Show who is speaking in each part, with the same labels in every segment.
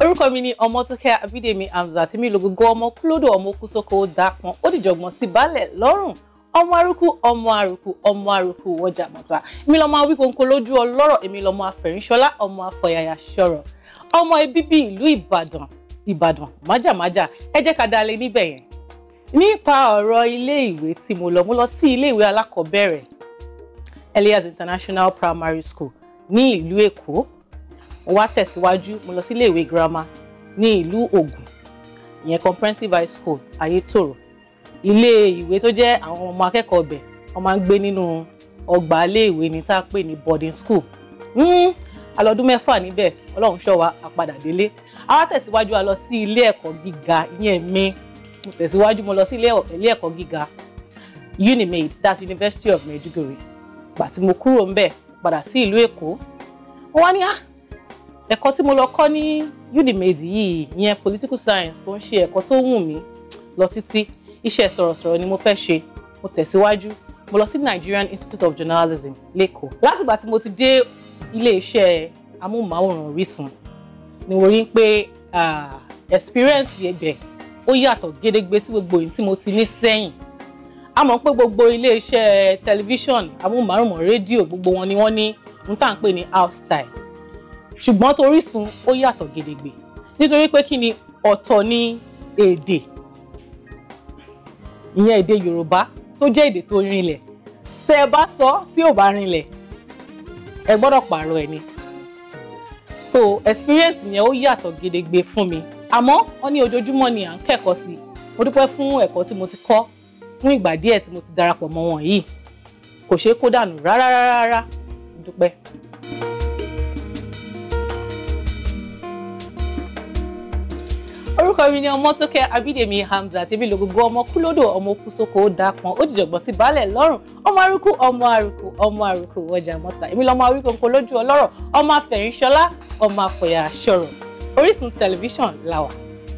Speaker 1: orúkọ mi ni ọmọtókẹ́ abídèmí hamza tí mi lògógó ọmọ kúlódò ọmọ kú sóko dápọn ó dìjọgbọn sí balẹ̀ lọ́rùn ọmọ arúkú ọmọ arúkú ọmọ arúkú wọjà mọta èmi lọmọ awíkóńkó lójú ọlọ́rọ̀ èmi lọmọ afẹ̀ríṣọlá ọmọ afọyàyà ṣọ̀rọ̀ ọmọ bíbí ìlú ìbàdàn ìbàdàn májàmájà ẹ jẹ́ ká dalẹ níbẹ̀ yẹn nípa ọ̀rọ̀ ilé ìwé tí mo lọ mo lọ sí ilé ìwé alákọ̀ọ́bẹ̀rẹ̀ Elias International Primary School ní ìlú èkó mo wá tẹ̀síwájú mo lọ sí ilé ìwé girama ní ìlú Ògùn ìyẹn comprehensive high school Ayétòrò ilé ìwé tó jẹ́ àwọn ọmọ akẹ́kọ̀ọ́ ọbẹ̀ wọ́n máa ń gbé nínú ọgbà ilé ìwé ní tá a pè ní boarding school hmm, alọ́dún mẹ́fà níbẹ̀ ọlọ́run ṣọ́ wa àpadà délé a wá tẹ̀síwájú a lọ sí ilé ẹ̀kọ́ gíga ìyẹn mi mo tẹ̀síwájú mo lọ sí ilé ẹ̀kọ́ gíga UNIMAID that's University of Maiduguri gbà tí mo kúrò ń bẹ̀ padà sí ìlú Èkó wọ́n wá ní ah ẹ̀kọ́ tí mo lọ kọ́ ní UNIMED yìí ìyẹn political science kò ń ṣe ẹ̀kọ́ tó wù mí lọ títí iṣẹ́ sọ̀rọ̀sọ̀rọ̀ ni mo fẹ́ ṣe mo tẹ̀síwájú mo lọ sí Nigerian Institute of Journalism lẹ́kọ̀ọ́ látìgbà tí mo ti dé iléeṣẹ́ amóhùnmáwòrán Orísun ni mo rí pé experience ẹgbẹ́ ó yàtọ̀ gédégbé sí gbogbo yìí tí mo ti ní sẹ́yìn a mọ̀ pé gbogbo iléeṣẹ́ tẹlifíṣọ̀n amóhùnmáwòrán rédíò gbogbo wọn ni wọ́n ní n tà ń pè ní house style ṣùgbọ́n torísun ó yàtọ̀ gedegbe nítorí pé kí ni ọ̀tọ̀ ni èdè ìyẹn èdè Yorùbá tó jẹ́ èdè tó rinlẹ̀ tẹ́ ẹ bá sọ tí ò bá rinlẹ̀ ẹ gbọ́dọ̀ pààrọ̀ ẹ̀ ni so experience yẹn ó yàtọ̀ gedegbe fún mi àmọ́ wọ́n ní ojoojúmọ́ ni à ń kẹ́kọ̀ọ́ sí mo dúpẹ́ fún ẹ̀kọ́ tí mo ti kọ́ fún ìgbà díẹ̀ tí mo ti darapọ̀ mọ́ wọn yìí kò ṣeé kó dànù rárá rárá rárá dúpẹ́. orúkọ mi ni ọmọtókẹ́ abídèmí hamza tèmi lògógó ọmọ kúlódò ọmọ kú sóko ó dapọn ó dìjọgbọn ti balẹ̀ lọ́rùn ọmọ arúkú ọmọ arúkú ọmọ arúkú ọjà mọta èmi lọmọ arúkú nǹkan lójú ọlọ́rọ̀ ọmọ afẹ̀yìnṣọlá ọmọ afọyà sọ̀rọ̀ orísun tẹlifíṣàn làwà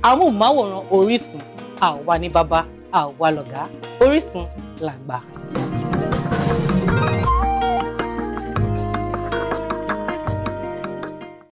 Speaker 1: àmúhùnmáwòrán orísun àwa ní baba àwa lọ̀gá orísun làgbà.